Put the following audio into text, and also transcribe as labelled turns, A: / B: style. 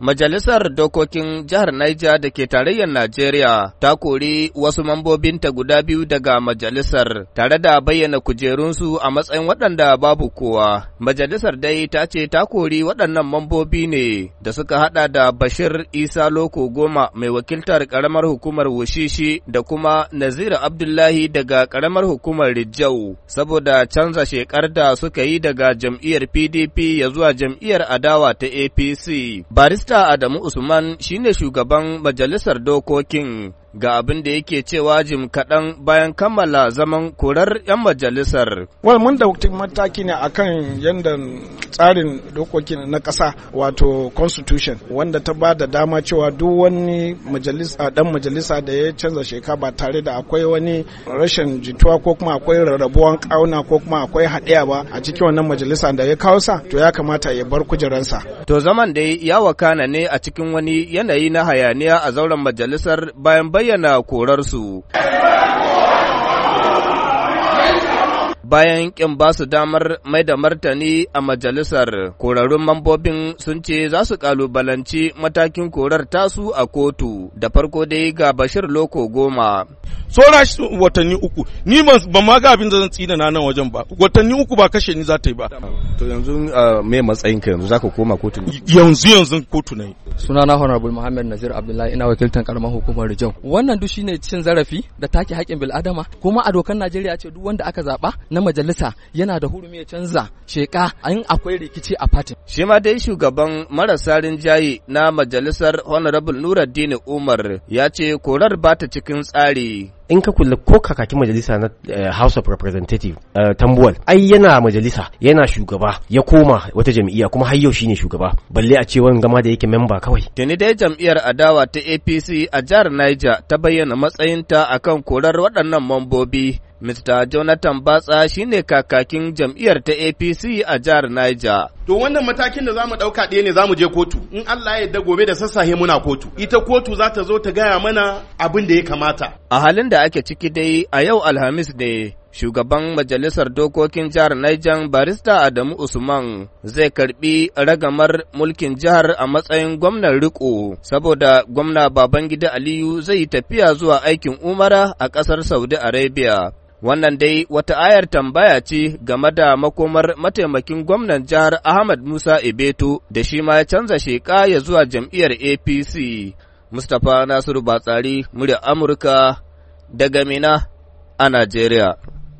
A: Majalisar Dokokin Jihar Niger da ke tarayyar Najeriya ta kori wasu mambobinta guda biyu daga majalisar tare da bayyana kujerunsu a matsayin waɗanda babu kowa. Majalisar dai ta ce ta kori waɗannan mambobi ne da suka haɗa da Bashir Isa Loko Goma mai wakiltar ƙaramar hukumar Wushishi da kuma Nazira Abdullahi daga ƙaramar hukumar Rijau saboda canza shekar da suka yi daga jam'iyyar PDP ya zuwa jam'iyyar adawa ta APC. baris Dr. Adamu Usman shine shugaban majalisar dokokin ga abin da yake cewa jim kaɗan bayan kammala zaman korar 'yan majalisar.
B: Wal mun da mataki ne a kan yadda tsarin dokokin na ƙasa wato constitution wanda ta ba da dama cewa duk wani majalisa dan majalisa da ya canza sheka ba tare da akwai wani rashin jituwa ko kuma akwai rarrabuwan ƙauna ko kuma akwai haɗiya ba a cikin wannan majalisa da ya kawo sa to ya kamata ya bar kujeransa.
A: To zaman da ya wakana ne a cikin wani yanayi na hayaniya a zauren majalisar bayan bai... bayyana korarsu. bayan ƙin ba su damar mai da martani a majalisar korarun mambobin sun ce za su kalubalanci matakin korar tasu a kotu da farko dai ga bashir loko goma tsora shi watanni uku ni ban ma ga abin da zan tsina na nan wajen ba watanni uku ba kashe ni za ta yi ba to yanzu me matsayin ka yanzu zaka koma kotu ne
C: yanzu yanzu kotu ne sunana honorable muhammad nazir abdullahi ina wakiltan karamar hukumar rijau wannan duk shine cin zarafi da take haƙƙin bil'adama kuma a dokar najeriya ce duk wanda aka zaba na majalisa yana da hurumi ya canza sheka in akwai rikici a fatin.
A: Shi ma dai shugaban marasa rinjaye na majalisar Honorable Nuruddin Umar ya ce korar ba ta cikin tsari.
B: in ka kula ko kakakin majalisa na eh, House of Representative eh, Tambuwal ai yana majalisa yana shugaba ya koma wata jam'iyya kuma har yau shine shugaba balle a ce gama da yake memba
A: kawai tuni dai jam'iyyar adawa ta APC a jihar Niger ta bayyana matsayinta akan korar waɗannan mambobi Mr. Jonathan Batsa shine kakakin jam'iyyar ta APC a jihar Niger.
B: To wannan matakin da zamu ɗauka ɗaya ne zamu je kotu. In Allah ya yarda gobe da sassahe muna kotu. Ita kotu za ta zo ta gaya mana abin da ya kamata.
A: A halin da ake ciki dai a yau Alhamis ne shugaban majalisar dokokin jihar Niger barista Adamu Usman zai karbi ragamar mulkin jihar a matsayin gwamnan riko saboda gwamna Babangida Aliyu zai yi tafiya zuwa aikin umara a ƙasar Saudi Arabia. Wannan dai wata ayar tambaya ce game da makomar mataimakin gwamnan jihar Ahmad Musa Ebeto da shi ma ya canza sheƙa ya zuwa jam'iyyar APC. Mustapha Nasiru Batsari, murya Amurka daga Mina a Najeriya.